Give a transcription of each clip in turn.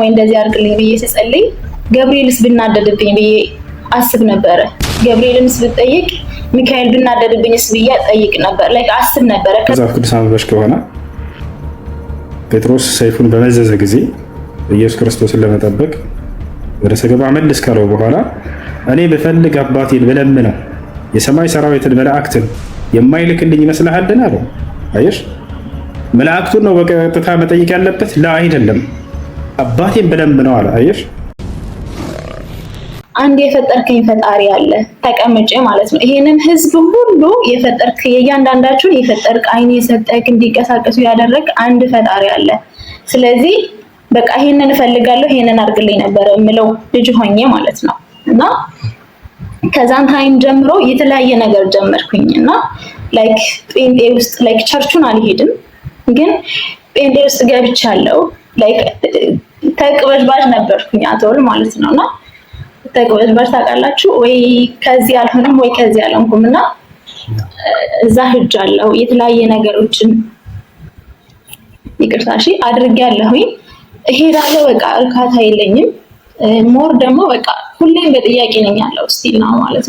ወይ እንደዚህ አድርግልኝ ብዬ ስጸልይ ገብርኤልስ ብናደድብኝ ብዬ አስብ ነበረ። ገብርኤልንስ ብጠይቅ ሚካኤል ብናደድብኝስ ብዬ ጠይቅ ነበር፣ ላይ አስብ ነበረ። መጽሐፍ ቅዱስ አንብበሽ ከሆነ ጴጥሮስ ሰይፉን በመዘዘ ጊዜ ኢየሱስ ክርስቶስን ለመጠበቅ ወደ ሰገባ መልስ ካለው በኋላ እኔ ብፈልግ አባቴን ብለምነው የሰማይ ሰራዊትን መላእክትን የማይልክልኝ ይመስልሃልን? አለው። አየሽ፣ መላእክቱን ነው በቀጥታ መጠየቅ ያለበት ላ አይደለም። አባቴን በደንብ ነው አለ። አየሽ አንድ የፈጠርከኝ ፈጣሪ አለ ተቀምጬ ማለት ነው። ይሄንን ህዝብ ሁሉ የፈጠርክ የእያንዳንዳችሁን የፈጠርክ አይን የሰጠክ እንዲንቀሳቀሱ ያደረግ አንድ ፈጣሪ አለ። ስለዚህ በቃ ይሄንን እፈልጋለሁ ይሄንን አድርግልኝ ነበር የምለው ልጅ ሆኜ ማለት ነው። እና ከዛን ታይም ጀምሮ የተለያየ ነገር ጀመርኩኝ እና ላይክ ጴንጤ ውስጥ ላይክ ቸርቹን አልሄድም፣ ግን ጴንጤ ውስጥ ገብቻለሁ ላይክ ተቅበዝባዥ ነበርኩኝ አቶል ማለት ነው። እና ተቅበዝባዥ ታውቃላችሁ ወይ ከዚህ አልሆንም ወይ ከዚህ አልሆንኩም እና እዛ ሄጃለሁ። የተለያየ ነገሮችን ይቅርታ እሺ አድርጌያለሁኝ። እሄዳለሁ በቃ እርካታ የለኝም። ሞር ደግሞ በቃ ሁሌም በጥያቄ ነኝ ያለው ስቲል ነው ማለት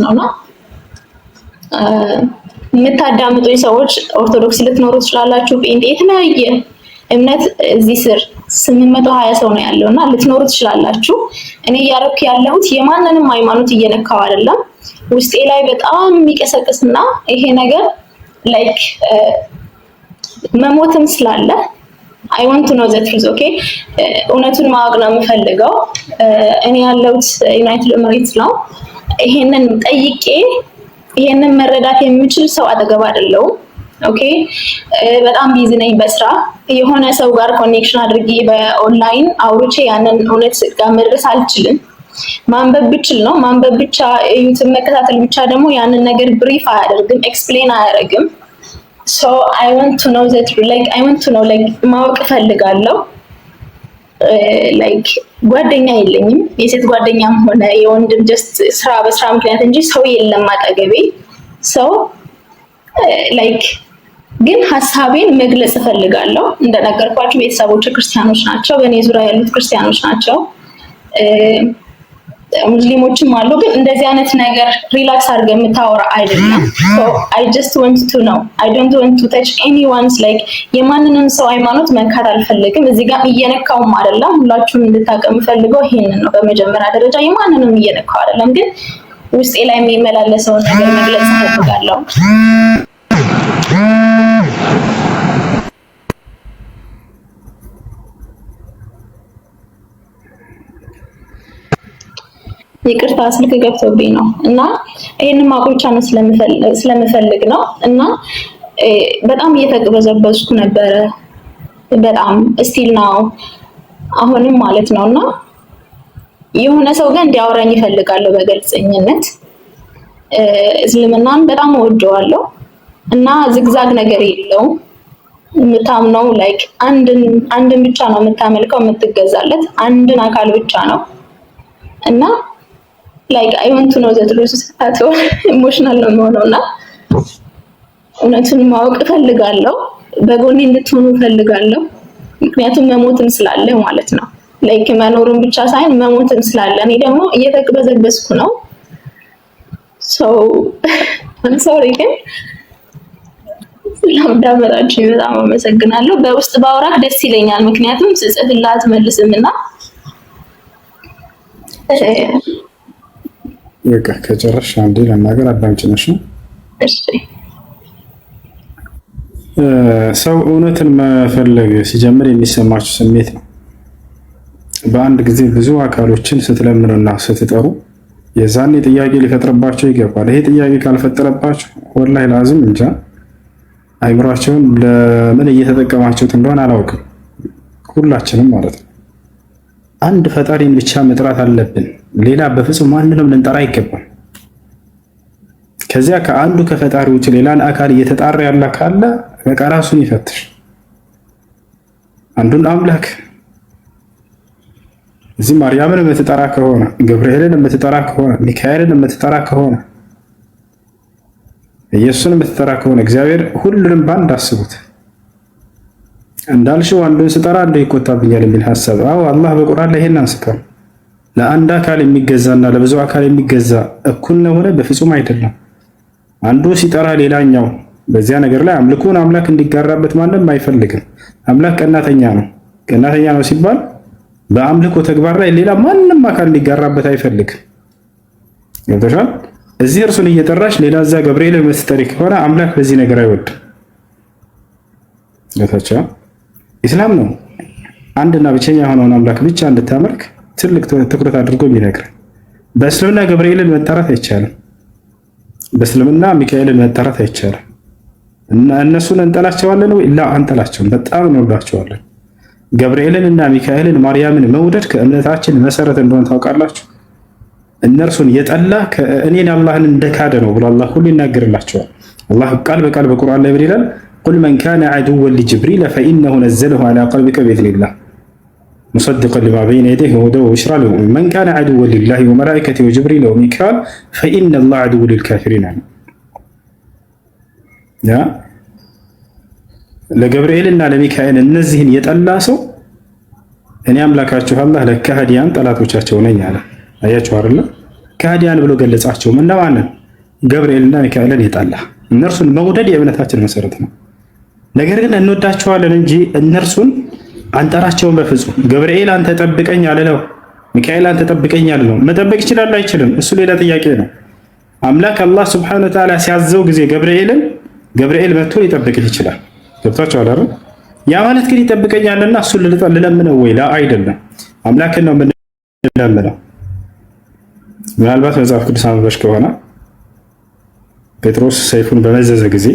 የምታዳምጡኝ ሰዎች ኦርቶዶክስ ልትኖሩ ትችላላችሁ፣ ጴንጤ የተለያየ እምነት እዚህ ስር ስምንት መቶ ሀያ ሰው ነው ያለው እና ልትኖሩ ትችላላችሁ። እኔ እያረኩ ያለሁት የማንንም ሃይማኖት እየነካው አይደለም። ውስጤ ላይ በጣም የሚቀሰቅስ የሚቀሰቅስና ይሄ ነገር ላይክ መሞትም ስላለ አይ ዋንት ኖ ዘ ትሩዝ ኦኬ። እውነቱን ማወቅ ነው የምፈልገው። እኔ ያለሁት ዩናይትድ ኤምሬትስ ነው። ይሄንን ጠይቄ ይሄንን መረዳት የምችል ሰው አጠገብ አይደለሁም። ኦኬ በጣም ቢዚ ነኝ በስራ የሆነ ሰው ጋር ኮኔክሽን አድርጌ በኦንላይን አውርቼ ያንን እውነት ጋር መድረስ አልችልም። ማንበብ ብችል ነው ማንበብ ብቻ እዩትን መከታተል ብቻ ደግሞ ያንን ነገር ብሪፍ አያደርግም፣ ኤክስፕሌን አያደርግም። ሶ አይ ወንት ቱ ኖው ዘት ላይክ አይ ወንት ቱ ኖው ላይክ ማወቅ እፈልጋለሁ። ላይክ ጓደኛ የለኝም የሴት ጓደኛም ሆነ የወንድም ጀስት ስራ በስራ ምክንያት እንጂ ሰው የለም አጠገቤ ሰው ላይክ ግን ሀሳቤን መግለጽ እፈልጋለሁ። እንደነገርኳችሁ ቤተሰቦች ክርስቲያኖች ናቸው። በእኔ ዙሪያ ያሉት ክርስቲያኖች ናቸው። ሙስሊሞችም አሉ። ግን እንደዚህ አይነት ነገር ሪላክስ አድርገ የምታወራ አይደለም። አይ ጀስት ወንት ቱ ነው አይ ዶንት ወንት ቱ ተች ኤኒዋንስ ላይክ የማንንም ሰው ሃይማኖት መንካት አልፈልግም። እዚህ ጋር እየነካውም አይደለም። ሁላችሁም እንድታውቁ የምፈልገው ይሄንን ነው። በመጀመሪያ ደረጃ የማንንም እየነካው አይደለም። ግን ውስጤ ላይ የሚመላለሰውን ነገር መግለጽ እፈልጋለሁ። ይቅርታ ስልክ ገብቶብኝ ነው እና ይሄንን ማቆቻ ነው ስለምፈልግ ነው እና በጣም እየተቅበዘበዝኩ ነበረ። በጣም እስቲል ነው አሁንም ማለት ነው እና የሆነ ሰው ጋር እንዲያወራኝ ይፈልጋለሁ በግልጸኝነት። እስልምናን በጣም እወደዋለሁ እና ዝግዛግ ነገር የለውም። የምታምነው ላይክ አንድን አንድን ብቻ ነው የምታመልከው፣ የምትገዛለት አንድን አካል ብቻ ነው እና ላይክ አይ ወንት ኖ ዘ ትሩዝ አቶ ኢሞሽናል ነው የምሆነው እና እውነቱን ማወቅ እፈልጋለሁ። በጎኔ እንድትሆኑ እፈልጋለሁ። ምክንያቱም መሞትም ስላለ ማለት ነው ላይክ መኖሩን ብቻ ሳይሆን መሞትም ስላለ እኔ ደግሞ እየተቅበዘበዝኩ ነው። ሰው ሶሪ ግን ለማዳመጣችሁ በጣም አመሰግናለሁ። በውስጥ ባውራክ ደስ ይለኛል፣ ምክንያቱም ስጽፍልህ አትመልስም እና በቃ ከጨረሽ አንዴ ለናገር አዳምጭነሽ ነው። ሰው እውነትን መፈለግ ሲጀምር የሚሰማችው ስሜት ነው። በአንድ ጊዜ ብዙ አካሎችን ስትለምኑና ስትጠሩ የዛኔ ጥያቄ ሊፈጥርባቸው ይገባል። ይሄ ጥያቄ ካልፈጠረባቸው ወላሂ ላዝም እንጃ አይምሯቸውን ለምን እየተጠቀማቸው እንደሆነ አላውቅም። ሁላችንም ማለት ነው አንድ ፈጣሪን ብቻ መጥራት አለብን። ሌላ በፍጹም ማንንም ልንጠራ አይገባም። ከዚያ ከአንዱ ከፈጣሪ ውጭ ሌላን አካል እየተጣራ ያለ ካለ በቃ ራሱን ይፈትሽ። አንዱን አምላክ እዚህ ማርያምን የምትጠራ ከሆነ ገብርኤልን የምትጠራ ከሆነ ሚካኤልን የምትጠራ ከሆነ ኢየሱስን የምትጠራ ከሆነ እግዚአብሔር ሁሉንም ባንድ አስቡት። እንዳልሽው አንዱን ስጠራ አንዱ ይቆጣብኛል የሚል ሀሳብ። አዎ አላህ በቁርአን ላይ ይሄን አንስቷል። ለአንድ አካል የሚገዛና ለብዙ አካል የሚገዛ እኩል ለሆነ በፍጹም አይደለም። አንዱ ሲጠራ ሌላኛው በዚያ ነገር ላይ አምልኮን አምላክ እንዲጋራበት ማንም አይፈልግም። አምላክ ቀናተኛ ነው። ቀናተኛ ነው ሲባል በአምልኮ ተግባር ላይ ሌላ ማንም አካል እንዲጋራበት አይፈልግም። ገብቶሻል? እዚህ እርሱን እየጠራሽ ሌላ እዛ ገብርኤል የምትጠሪ ከሆነ አምላክ በዚህ ነገር አይወድም። ኢስላም ነው አንድና ብቸኛ የሆነውን አምላክ ብቻ እንድታመልክ ትልቅ ትኩረት አድርጎ የሚነግር። በእስልምና ገብርኤልን መጠራት አይቻልም። በእስልምና ሚካኤልን መጠራት አይቻልም። እነሱን እንጠላቸዋለን ወይ? ላ አንጠላቸውም፣ በጣም እንወዳቸዋለን። ገብርኤልን እና ሚካኤልን ማርያምን መውደድ ከእምነታችን መሰረት እንደሆነ ታውቃላችሁ። እነርሱን የጠላ እኔን አላህን እንደካደ ነው ብሎ አላህ ሁሉ ይናገርላቸዋል። አላህ ቃል በቃል በቁርአን ላይ ምን ይላል? ቁል መን ካነ ዐዱወን ሊጅብሪል ፈኢነሁ ነዘለሁ ዐላ ቀልቢከ ቢኢዝኒላህ ሙሰዲቀን ሊማ በይነ የደይሂ ወሁደን ወቡሽራ ሊልሙእሚኒን መን ካነ ዐዱወን ሊላሂ ወመላኢከቲሂ ወጅብሪል ወሚካኢል ፈኢነላህ ዐዱውን ሊልካፊሪን አለ። ለገብርኤልና ለሚካኤል እነዚህን የጠላ ሰው እኔ አምላካችሁ አላህ ለካህዲያን ጠላቶቻቸው ነኝ አለ። አያችሁ አይደለ? ካህዲያን ብሎ ገለጻቸው። እነማንን? ገብርኤልና ሚካኤልን የጠላ እነርሱን መውደድ የእምነታችን መሰረት ነው። ነገር ግን እንወዳቸዋለን እንጂ እነርሱን አንጠራቸውን በፍጹም። ገብርኤል አንተ ጠብቀኝ አልለው፣ ሚካኤል አንተ ጠብቀኝ አልለው። መጠበቅ ይችላል አይችልም? እሱ ሌላ ጥያቄ ነው። አምላክ አላህ ስብሐነሁ ወተዓላ ሲያዘው ጊዜ ገብርኤልን ገብርኤል መጥቶ ሊጠብቅ ይችላል። ገብታችኋል አይደል? ያ ማለት ግን ይጠብቀኛልና እሱን ልለምነው ወይ? ላ አይደለም፣ አምላክን ነው የምንለምነው። ምናልባት መጽሐፍ ቅዱስ አንበሽ ከሆነ ጴጥሮስ ሰይፉን በመዘዘ ጊዜ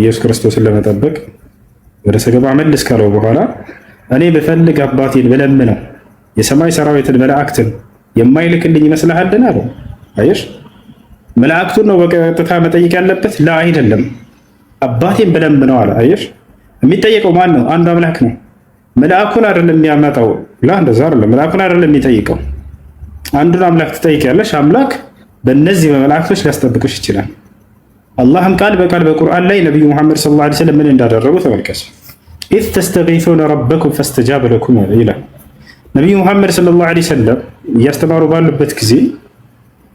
ኢየሱስ ክርስቶስን ለመጠበቅ ወደ ሰገባ መልስ ካለው በኋላ እኔ ብፈልግ አባቴን ብለምነው የሰማይ ሰራዊትን መላእክትን የማይልክልኝ ይመስልሃልን? አለው። አየሽ፣ መላእክቱን ነው በቀጥታ መጠየቅ ያለበት። ላ አይደለም፣ አባቴን ብለምነው አለ። አየሽ፣ የሚጠየቀው ማን ነው? አንዱ አምላክ ነው። መልአኩን አይደለም የሚያመጣው። ላ እንደዛ አይደለም፣ መልአኩን አይደለም የሚጠይቀው። አንዱን አምላክ ትጠይቅ ያለሽ አምላክ በእነዚህ በመላእክቶች ሊያስጠብቅሽ ይችላል። አላህም ቃል በቃል በቁርአን ላይ ነቢዩ ሙሐመድ ሰለላሁ ዐለይሂ ወሰለም ምን እንዳደረጉ ተመልከቱ። ኢዝ ተስተጊሱነ ረበኩም ፈስተጃበ ለኩም ይላል። ነቢዩ ሙሐመድ ሰለላሁ ዐለይሂ ወሰለም እያስተማሩ ባሉበት ጊዜ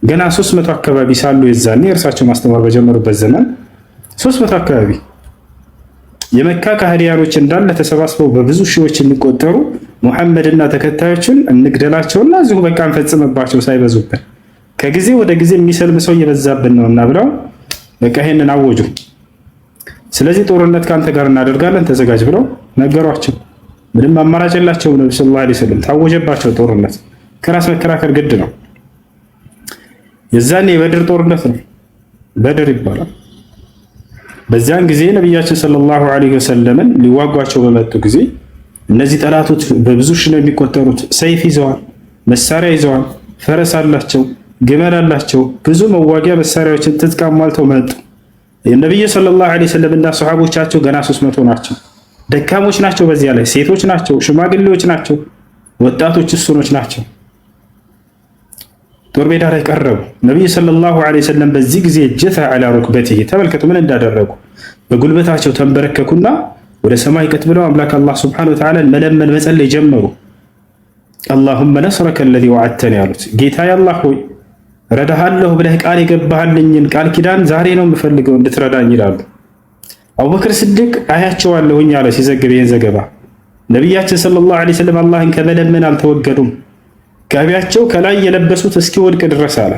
ገና ሶስት መቶ አካባቢ ሳሉ የዛኔ እርሳቸው ማስተማር በጀመሩበት ዘመን ሶስት መቶ አካባቢ የመካ ካህዲያኖች እንዳለ ተሰባስበው በብዙ ሺዎች የሚቆጠሩ ሙሐመድና ተከታዮችን እንግደላቸውና እዚሁ በቃ እንፈጽምባቸው ሳይበዙብን ከጊዜ ወደ ጊዜ የሚሰልም ሰው እየበዛብን ነውና ብለው በቃ ይሄንን አወጁ። ስለዚህ ጦርነት ከአንተ ጋር እናደርጋለን ተዘጋጅ ብለው ነገሯቸው። ምንም አማራጭ የላቸው። ነቢ ሰለላሁ ዐለይሂ ወሰለም ታወጀባቸው ጦርነት። ከራስ መከራከር ግድ ነው። የዛኔ የበድር ጦርነት ነው፣ በድር ይባላል። በዚያን ጊዜ ነቢያችን ሰለላሁ ዐለይሂ ወሰለምን ሊዋጓቸው በመጡ ጊዜ እነዚህ ጠላቶች በብዙ ሺህ ነው የሚቆጠሩት። ሰይፍ ይዘዋል፣ መሳሪያ ይዘዋል፣ ፈረስ አላቸው ግመል አላቸው። ብዙ መዋጊያ መሳሪያዎችን ትጥቅ አሟልተው መጡ። ነቢዩ ሰለላሁ ዐለይሂ ወሰለም እና ሰሓቦቻቸው ገና ሶስት መቶ ናቸው። ደካሞች ናቸው። በዚያ ላይ ሴቶች ናቸው፣ ሽማግሌዎች ናቸው፣ ወጣቶች እሱኖች ናቸው። ጦር ሜዳ ላይ ቀረቡ። ነቢዩ ሰለላሁ ዐለይሂ ወሰለም በዚህ ጊዜ ጀተ ዐላ ሩክበቲሂ ተመልከቱ ምን እንዳደረጉ። በጉልበታቸው ተንበረከኩና ወደ ሰማይ ቀጥ ብለው አምላክ አላህ ሱብሓነሁ ወተዓላ መለመን መጸለይ ጀመሩ። አላሁመ ነስረከ ለዚ ወዐድተኒ ያሉት ጌታ አላህ ሆይ ረዳሃለሁ ብለህ ቃል የገባህልኝን ቃል ኪዳን ዛሬ ነው የምፈልገው እንድትረዳኝ ይላሉ። አቡበክር ስድቅ አያቸዋለሁኝ አለ ሲዘግብ ይህን ዘገባ ነቢያችን ሰለላሁ ዐለይሂ ወሰለም አላህን ከመለመን አልተወገዱም። ጋቢያቸው ከላይ የለበሱት እስኪ ወድቅ ድረስ አለ።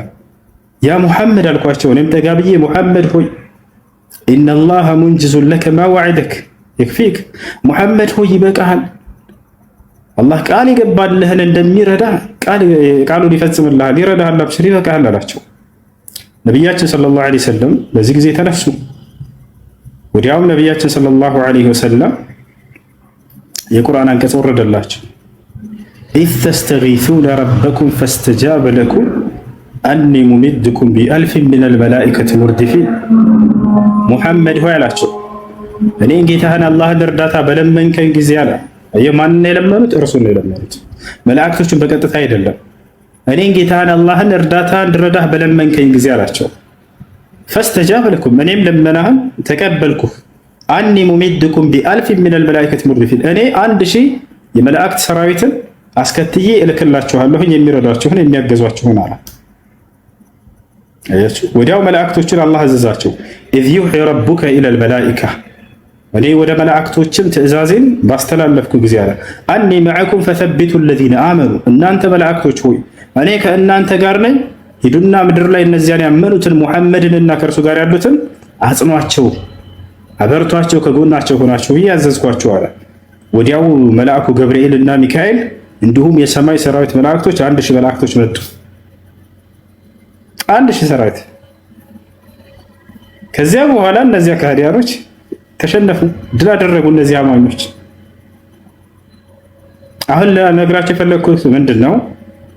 ያ ሙሐመድ አልኳቸው፣ እኔም ጠጋ ሙሐመድ ሆይ ኢነላሃ ሙንጅዙን ለከ ማ ዋዕደክ ይክፊክ። ሙሐመድ ሆይ ይበቃሃል፣ አላህ ቃል የገባልህን እንደሚረዳ ቃሉን ይፈጽምልሃል፣ ይረዳሃል፣ አብሽር ይበቃሃል አላቸው። ነቢያችን ሰለላሁ ዐለይሂ ወሰለም በዚህ ጊዜ ተነሱ። ወዲያውም ነቢያችን ሰለላሁ ዐለይሂ ወሰለም የቁርአን አንቀጽ ወረደላቸው። ኢዝ ተስተጊሱነ ረበኩም ፈስተጃበ ለኩም አኒ ሙሚድኩም ቢአልፊን ሚነል መላኢከቲ ሙርዲፊን። ሙሐመድ ሆይ አላቸው እኔ ጌታህን አላህን እርዳታ በለመንከን ጊዜ አለ የማንን የለመኑት? እርሱን የለመኑት መላእክቶችን በቀጥታ አይደለም። እኔን ጌታን አላህን እርዳታ እንድረዳህ በለመንከኝ ጊዜ አላቸው። ፈስተጃበልኩም እኔም ለመናህን ተቀበልኩ። አኒ ሙሚድኩም ቢአልፍ ሚነል መላኢከት ሙርዲፊን እኔ አንድ ሺህ የመላእክት ሰራዊትን አስከትዬ እልክላችኋለሁኝ የሚረዷችሁን የሚያገዟችሁን አለ። ወዲያው መላእክቶችን አላህ አዘዛቸው። ኢዝ ዩሒ ረቡከ ኢለል መላኢካ እኔ ወደ መላእክቶችም ትእዛዜን ባስተላለፍኩ ጊዜ አለ አኒ መዐኩም ፈተቢቱ ለዚነ አመኑ፣ እናንተ መላእክቶች ሆይ እኔ ከእናንተ ጋር ነኝ፣ ሂዱና ምድር ላይ እነዚያን ያመኑትን ሙሐመድንና ከእርሱ ጋር ያሉትን አጽኗቸው፣ አበርቷቸው፣ ከጎናቸው ሆናቸው ብዬ አለ። ወዲያው መልአኩ ገብርኤልና ሚካኤል እንዲሁም የሰማይ ሰራዊት መላእክቶች አንድ ሺህ መላእክቶች መጡ። አንድ ሺህ ሰራዊት ከዚያ በኋላ እነዚያ ካህዲያኖች ተሸነፉ፣ ድል አደረጉ። እነዚህ አማኞች አሁን ለነግራቸው የፈለግኩት ምንድን ነው?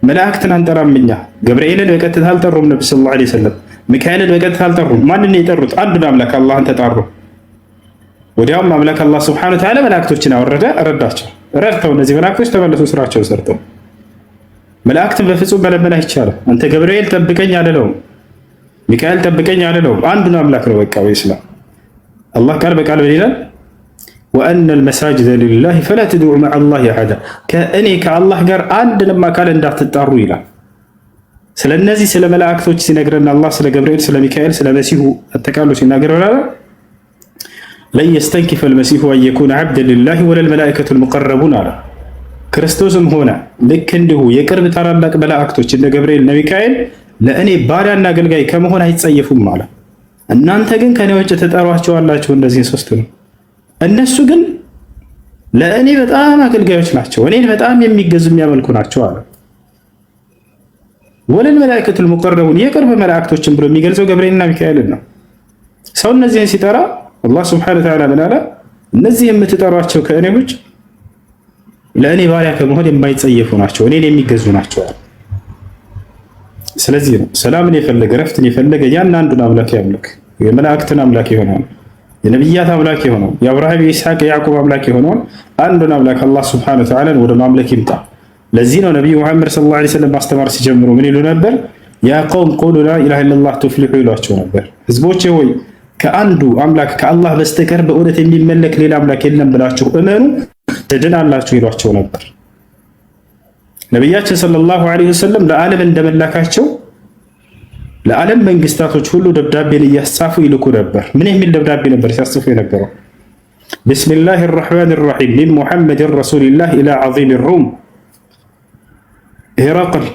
መላእክትን አንጠራም እኛ። ገብርኤልን በቀጥታ አልጠሩም ነብ ስ ላ ሰለም። ሚካኤልን በቀጥታ አልጠሩም። ማንን የጠሩት? አንዱን አምላክ አላህን ተጣሩ። ወዲያውም አምላክ አላህ ስብሐነ ወተዓላ መላእክቶችን አወረደ፣ ረዳቸው። ረድተው እነዚህ መላእክቶች ተመለሱ፣ ስራቸውን ሰርተው። መላእክትን በፍጹም መለመን አይቻልም። አንተ ገብርኤል ጠብቀኝ አልለውም፣ ሚካኤል ጠብቀኝ አልለውም። አንዱን አምላክ ነው በቃ በኢስላም አላህ ቃል በቃል ምን ይላል? ወአነ ልመሳጅደ ሊላህ ፈላ ተድዑ መዓ ላህ አሐዳ ከእኔ ከአላህ ጋር አንድንም አካል እንዳትጣሩ ይላል። ስለ እነዚህ ስለ መላእክቶች ሲነግረን አላህ ስለ ገብርኤል፣ ስለ ሚካኤል፣ ስለ መሲሁ አጠቃሎ ሲናገር ላለ ለን የስተንኪፈ ልመሲሁ አንየኩነ ዓብደን ሊላህ ወለልመላኢከቱ ልሙቀረቡን አለ። ክርስቶስም ሆነ ልክ እንዲሁ የቅርብ ታላላቅ መላእክቶች እንደ ገብርኤል፣ እነ ሚካኤል ለእኔ ባሪያና አገልጋይ ከመሆን አይጸየፉም አለ። እናንተ ግን ከኔ ውጭ ትጠሯቸዋላችሁ እንደዚህ ሶስት ነው። እነሱ ግን ለእኔ በጣም አገልጋዮች ናቸው፣ እኔን በጣም የሚገዙ የሚያመልኩ ናቸው አለ። ወለል መላእክቱል ሙቀረቡን የቅርብ መላእክቶችን ብሎ የሚገልጸው ገብርኤልና ሚካኤልን ነው። ሰው እነዚህን ሲጠራ አላህ ስብሐነ ወተዓላ ምን አለ? እነዚህ የምትጠሯቸው ከእኔ ውጭ ለእኔ ባሪያ ከመሆን የማይጸየፉ ናቸው፣ እኔን የሚገዙ ናቸው አለ። ስለዚህ ነው ሰላምን የፈለገ ረፍትን የፈለገ ያን አንዱን አምላክ ያምልክ። የመላእክትን አምላክ የሆነውን የነቢያት አምላክ የሆነው የአብርሃም የኢስሐቅ የያዕቆብ አምላክ የሆነውን አንዱን አምላክ አላህ ሱብሓነሁ ወተዓላን ወደ ማምለክ ይምጣ። ለዚህ ነው ነቢዩ መሐመድ ሰለላሁ ዐለይሂ ወሰለም ማስተማር ሲጀምሩ ምን ይሉ ነበር? ያ ቀውም ቁሉ ላ ኢላሃ ኢለላህ ቱፍሊሑ ይሏቸው ነበር። ህዝቦቼ ሆይ ከአንዱ አምላክ ከአላህ በስተቀር በእውነት የሚመለክ ሌላ አምላክ የለም ብላችሁ እመኑ ትድናላችሁ ይሏቸው ነበር። ነቢያችን ሰለላሁ ዐለይሂ ወሰለም ለዓለም እንደመላካቸው ለዓለም መንግስታቶች ሁሉ ደብዳቤ እያጻፉ ይልኩ ነበር። ምን የሚል ደብዳቤ ነበር ሲያጽፉ የነበረው? ቢስሚላህ ራሕማን ራሒም ሚን ሙሐመድን ረሱሊላህ ኢላ ዓዚም ሩም ሄራቅል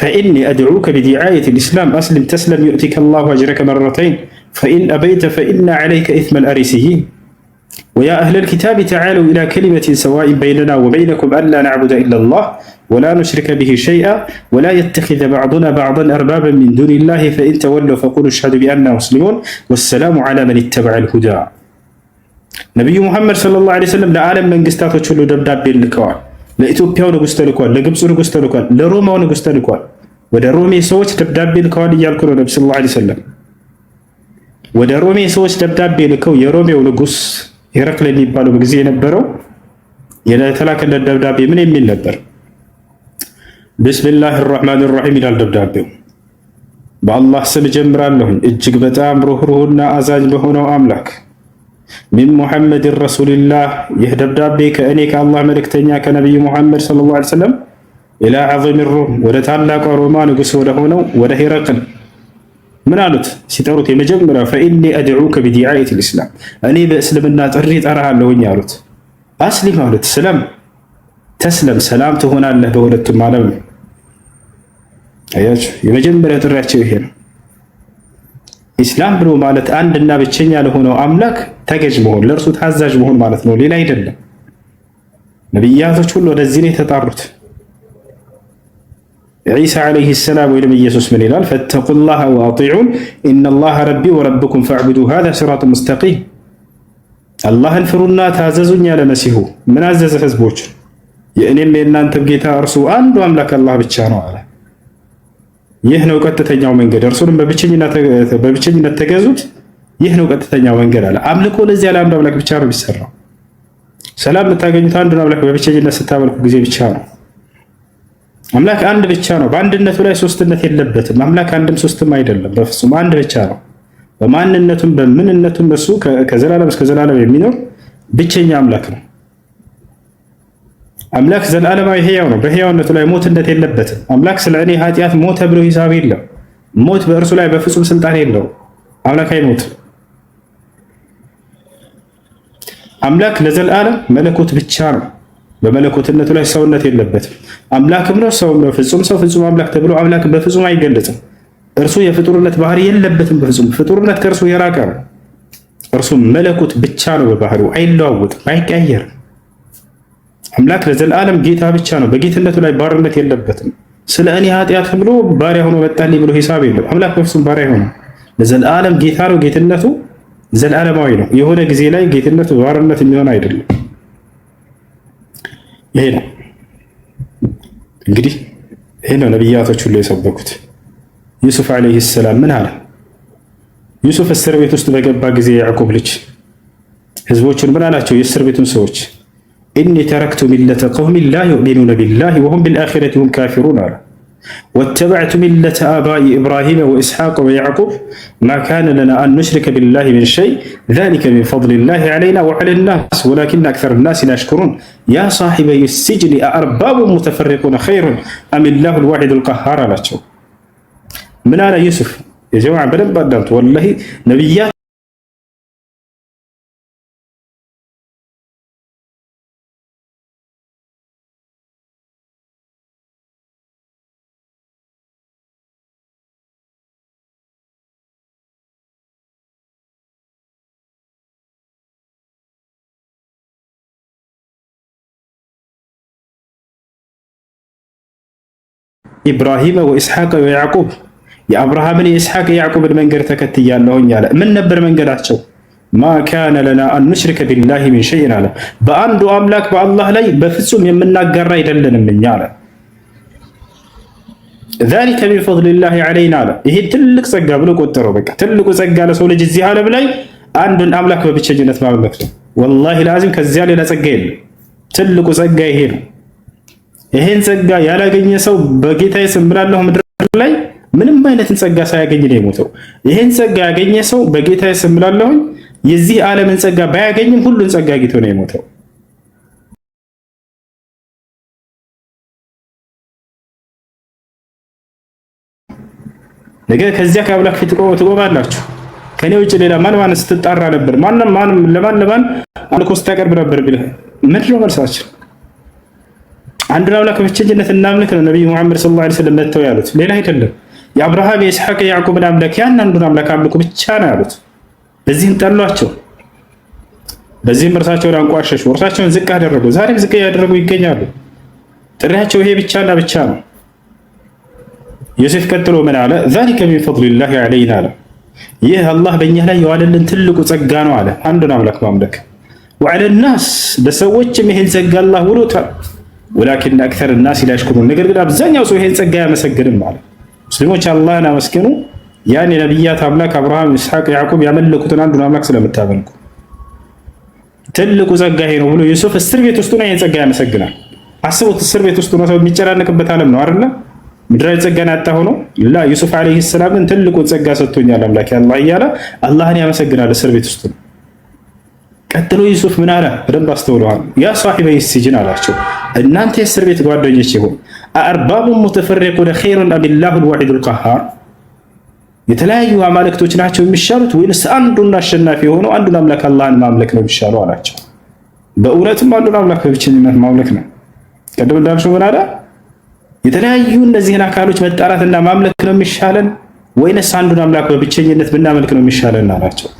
ፈኢኒ አድዑከ ቢዲዓየት ልእስላም አስልም ተስለም ዩእቲከ ላሁ አጅረከ መረተይን ፈኢን አበይተ ፈኢና ዓለይከ ኢትመል አሪሲይን ويا أهل الكتاب تعالوا إلى كلمة سواء بيننا وبينكم ألا نعبد إلا الله ولا نشرك به شيئا ولا يتخذ بعضنا بعضا أربابا من دون الله فإن تولوا فقولوا اشهدوا بأننا مسلمون والسلام على من اتبع الهدى ነቢዩ ሙሐመድ ሰለላሁ ዓለይሂ ወሰለም ለዓለም መንግስታቶች ሁሉ ደብዳቤ ልከዋል። ለኢትዮጵያው ንጉሥ ተልኳል። ለግብፁ ንጉሥ ተልኳል። ለሮማው ንጉሥ ተልኳል። ወደ ሮሜ ሰዎች ደብዳቤ ልከዋል እያልኩ ነው። ነቢ ሰለላሁ ዓለይሂ ወሰለም ወደ ሮሜ ሰዎች ደብዳቤ ልከው የሮሜው ንጉሥ ሄረክል የሚባለው በጊዜ የነበረው የተላከለት ደብዳቤ ምን የሚል ነበር? ብስሚላህ ራህማን ራሒም ይላል ደብዳቤው። በአላህ ስም እጀምራለሁ እጅግ በጣም ሩህሩህና አዛኝ በሆነው አምላክ ሚን ሙሐመድን ረሱልላህ። ይህ ደብዳቤ ከእኔ ከአላህ መልእክተኛ ከነቢዩ ሙሐመድ ሰለላሁ ዐለይሂ ወሰለም ኢላ ዐዚሚ ሩም ወደ ታላቋ ሮማ ንጉሥ ወደሆነው ወደ ሄረቅል ምን አሉት ሲጠሩት፣ የመጀመሪያው ፈኢኒ አድዑከ ቢዲዓየት ልእስላም እኔ በእስልምና ጥሪ ጠራሃለሁኝ አሉት። አስሊም አሉት፣ ስለም ተስለም፣ ሰላም ትሆናለህ በሁለቱም ዓለም ነው። አያችሁ፣ የመጀመሪያ ጥሪያቸው ይሄ ነው። ኢስላም ብሎ ማለት አንድና ብቸኛ ለሆነው አምላክ ተገዥ መሆን፣ ለእርሱ ታዛዥ መሆን ማለት ነው፣ ሌላ አይደለም። ነቢያቶች ሁሉ ወደዚህ ነው የተጣሩት። ዒሳ ዓለይህ ሰላም ወይም ኢየሱስ ምን ይላል? ፈተቁላህ ወአጢዑን ኢነላህ ረቢ ወረብኩም ፈዕቡዱ ሃዛ ሲራጥ ሙስተቂም። አላህን ፍሩና ታዘዙኝ አለ መሲሁ። ምን አዘዘ ህዝቦች? የእኔም የእናንተም ጌታ እርሱ አንዱ አምላክ አላህ ብቻ ነው አለ። ይህ ነው ቀጥተኛው መንገድ፣ እርሱንም በብቸኝነት ተገዙት። ይህ ነው ቀጥተኛው መንገድ አለ። አምልኮ ለዚያ ለአንዱ አምላክ ብቻ ነው የሚሰራው። ሰላም የምታገኙት አንዱን አምላክ በብቸኝነት ስታመልኩ ጊዜ ብቻ ነው። አምላክ አንድ ብቻ ነው። በአንድነቱ ላይ ሶስትነት የለበትም። አምላክ አንድም ሶስትም አይደለም፣ በፍጹም አንድ ብቻ ነው። በማንነቱም በምንነቱም እሱ ከዘላለም እስከ ዘላለም የሚኖር ብቸኛ አምላክ ነው። አምላክ ዘላለማዊ ህያው ነው። በህያውነቱ ላይ ሞትነት የለበትም። አምላክ ስለ እኔ ኃጢአት ሞተ ብሎ ሂሳብ የለም። ሞት በእርሱ ላይ በፍጹም ስልጣን የለው አምላክ አይሞትም። አምላክ ለዘላለም መለኮት ብቻ ነው። በመለኮትነቱ ላይ ሰውነት የለበትም። አምላክም ነው ሰውም ነው። ፍጹም ሰው ፍጹም አምላክ ተብሎ አምላክ በፍጹም አይገለጽም። እርሱ የፍጡርነት ባህሪ የለበትም። በፍጹም ፍጡርነት ከእርሱ የራቀ ነው። እርሱ መለኮት ብቻ ነው። በባህሪው አይለዋወጥም፣ አይቀየርም። አምላክ ለዘላለም ጌታ ብቻ ነው። በጌትነቱ ላይ ባርነት የለበትም። ስለ እኔ ኃጢአት ብሎ ባሪያ ሆኖ መጣልኝ ብሎ ሂሳብ የለም። አምላክ በፍጹም ባሪያ ሆነ ለዘላለም ጌታ ነው። ጌትነቱ ዘላለማዊ ነው። የሆነ ጊዜ ላይ ጌትነቱ ባርነት የሚሆን አይደለም። ይሄ ነው እንግዲህ ይሄ ነው ነቢያቶች ሁሉ የሰበኩት። ዩሱፍ ዓለይህ ሰላም ምን አለ? ዩሱፍ እስር ቤት ውስጥ በገባ ጊዜ የያዕቁብ ልጅ ህዝቦቹን ምን አላቸው? የእስር ቤቱን ሰዎች እኒ ተረክቱ ሚለተ ቀውሚን ላ ዩእሚኑነ ቢላሂ ወሁም ቢልአኺረቲ ሁም ካፊሩን አለ واتبعت ملة آباء إبراهيم وإسحاق ويعقوب ما كان لنا أن نشرك بالله من شيء ذلك من فضل الله علينا وعلى الناس ولكن أكثر الناس لا يشكرون يا صاحبي السجن أأرباب متفرقون خير أم الله الواحد القهار لاتشو من أنا يوسف يا جماعة بلد والله نبيات ኢብራሂመ ወኢስሐቀ ወያዕቁብ የአብርሃምን የኢስሐቅ የያዕቁብን መንገድ ተከትያለሁኝ አለ። ምን ነበር መንገዳቸው? ማካነ ለና አን ኑሽሪከ ቢላሂ ሚን ሸይን አለ። በአንዱ አምላክ በአላህ ላይ በፍጹም የምናጋራ አይደለንም እኛ አለ። ዛሊከ ሚን ፈድሊላሂ ዐለይና አለ። ይሄን ትልቅ ጸጋ ብሎ ቆጠረው። በቃ ትልቁ ጸጋ ለሰው ልጅ እዚህ ዓለም ላይ አንዱን አምላክ በብቸኝነት ማምለክ ነው። ወላሂ ለአዚም ከዚያ ሌላ ጸጋ የለም። ትልቁ ጸጋ ይሄ ነው። ይሄን ጸጋ ያላገኘ ሰው በጌታዬ ስም ብላለሁ ምድር ላይ ምንም አይነትን ጸጋ ሳያገኝ ነው የሞተው። ይሄን ጸጋ ያገኘ ሰው በጌታዬ ስም ብላለሁ የዚህ ዓለምን ጸጋ ባያገኝም ሁሉን ጸጋ አግኝቶ ነው የሞተው። ነገ ከዚያ ከአምላክ ፊት ትቆማላችሁ። ከኔ ውጭ ሌላ ማን ማን ስትጣራ ነበር? ማንም ለማን ለማን አምልኮ ስታቀርብ ነበር ቢልህ ምንድን ነው መልሳችን? አንዱን አምላክ ብቸኝነት እናምልክ ነው ነቢዩ ሙሐመድ ሰለላሁ ዐለይሂ ወሰለም መጥተው ያሉት፣ ሌላ አይደለም። የአብርሃም የኢስሐቅ የያዕቁብን አምላክ ያን አንዱን አምላክ አምልኩ ብቻ ነው ያሉት። በዚህም ጠሏቸው፣ በዚህም እርሳቸውን አንቋሸሹ፣ እርሳቸውን ዝቅ አደረጉ። ዛሬም ዝቅ እያደረጉ ይገኛሉ። ጥሪያቸው ይሄ ብቻና ብቻ ነው። ዮሴፍ ቀጥሎ ምን አለ? ዛሊከ ሚን ፈድሊላሂ ዐለይና አለ። ይህ አላህ በእኛ ላይ የዋለልን ትልቁ ጸጋ ነው አለ። አንዱን አምላክ ማምለክ ወዐለናስ፣ ለሰዎችም ይህን ጸጋ አላህ ውሎታል ወላኪን አክተር ናስ ላሽኩሩን፣ ነገር ግን አብዛኛው ሰው ይሄን ጸጋ አያመሰግንም ማለት ሙስሊሞች አላህን አመስግኑ ያን የነቢያት አምላክ አብርሃም፣ ይስሐቅ፣ ያዕቁብ ያመለኩትን አንዱን አምላክ ስለምታመልኩ ትልቁ ጸጋ ነው ብሎ ዩሱፍ እስር ቤት ውስጥ ነው ይሄን ጸጋ ያመሰግናል። አስቡት፣ እስር ቤት ውስጥ ነው ሰው የሚጨናነቅበት ዓለም ነው አይደለ? ምድራዊ ጸጋን ያጣ ሆኖ ላ ዩሱፍ ዓለይሂ ሰላም ግን ትልቁን ጸጋ ሰጥቶኛል አምላክ ያላ እያለ አላህን ያመሰግናል እስር ቤት ውስጥ ነው። ቀጥሎ ዩሱፍ ምን አለ? በደንብ አስተውለዋል። ያ ሳሒበይ ሲጅን አላቸው፣ እናንተ የእስር ቤት ጓደኞች ይሁን አአርባቡን ሙተፈሪቁነ ኸይሩን አሚላሁ ልዋሒዱ ልቀሃር፣ የተለያዩ አማልክቶች ናቸው የሚሻሉት ወይንስ አንዱን አሸናፊ የሆነው አንዱን አምላክ አላህን ማምለክ ነው የሚሻለው አላቸው። በእውነትም አንዱን አምላክ በብቸኝነት ማምለክ ነው። ቅድም እንዳልሽው ምን አለ? የተለያዩ እነዚህን አካሎች መጣራትና ማምለክ ነው የሚሻለን ወይንስ አንዱን አምላክ በብቸኝነት ብናመልክ ነው የሚሻለን አላቸው።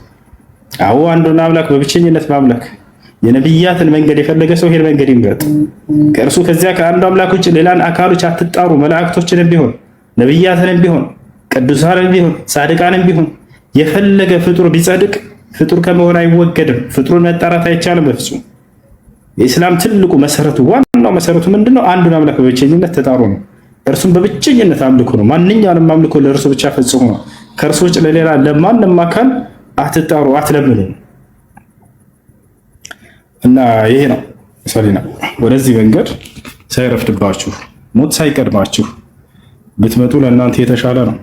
አዎ አንዱን አምላክ በብቸኝነት ማምለክ የነብያትን መንገድ የፈለገ ሰው ይሄን መንገድ ይምረጥ። ከእርሱ ከዚያ ከአንዱ አምላክ ውጭ ሌላን አካሎች አትጣሩ። መላእክቶችንም ቢሆን ነብያትንም ቢሆን ቅዱሳንም ቢሆን ጻድቃንም ቢሆን የፈለገ ፍጡር ቢጸድቅ ፍጡር ከመሆን አይወገድም። ፍጡሩን መጣራት አይቻልም በፍጹም። የኢስላም ትልቁ መሰረቱ ዋናው መሰረቱ ምንድነው አንዱን አምላክ በብቸኝነት ተጣሩ ነው። እርሱም በብቸኝነት አምልኮ ነው። ማንኛውንም አምልኮ ለእርሱ ብቻ ፈጽሞ ነው። ከእርሱ ውጭ ለሌላ ለማንም አካል አትጠሩ አትለምኑ እና ይሄ ነው ሰሊና። ወደዚህ መንገድ ሳይረፍድባችሁ ሞት ሳይቀድማችሁ ብትመጡ ለእናንተ የተሻለ ነው።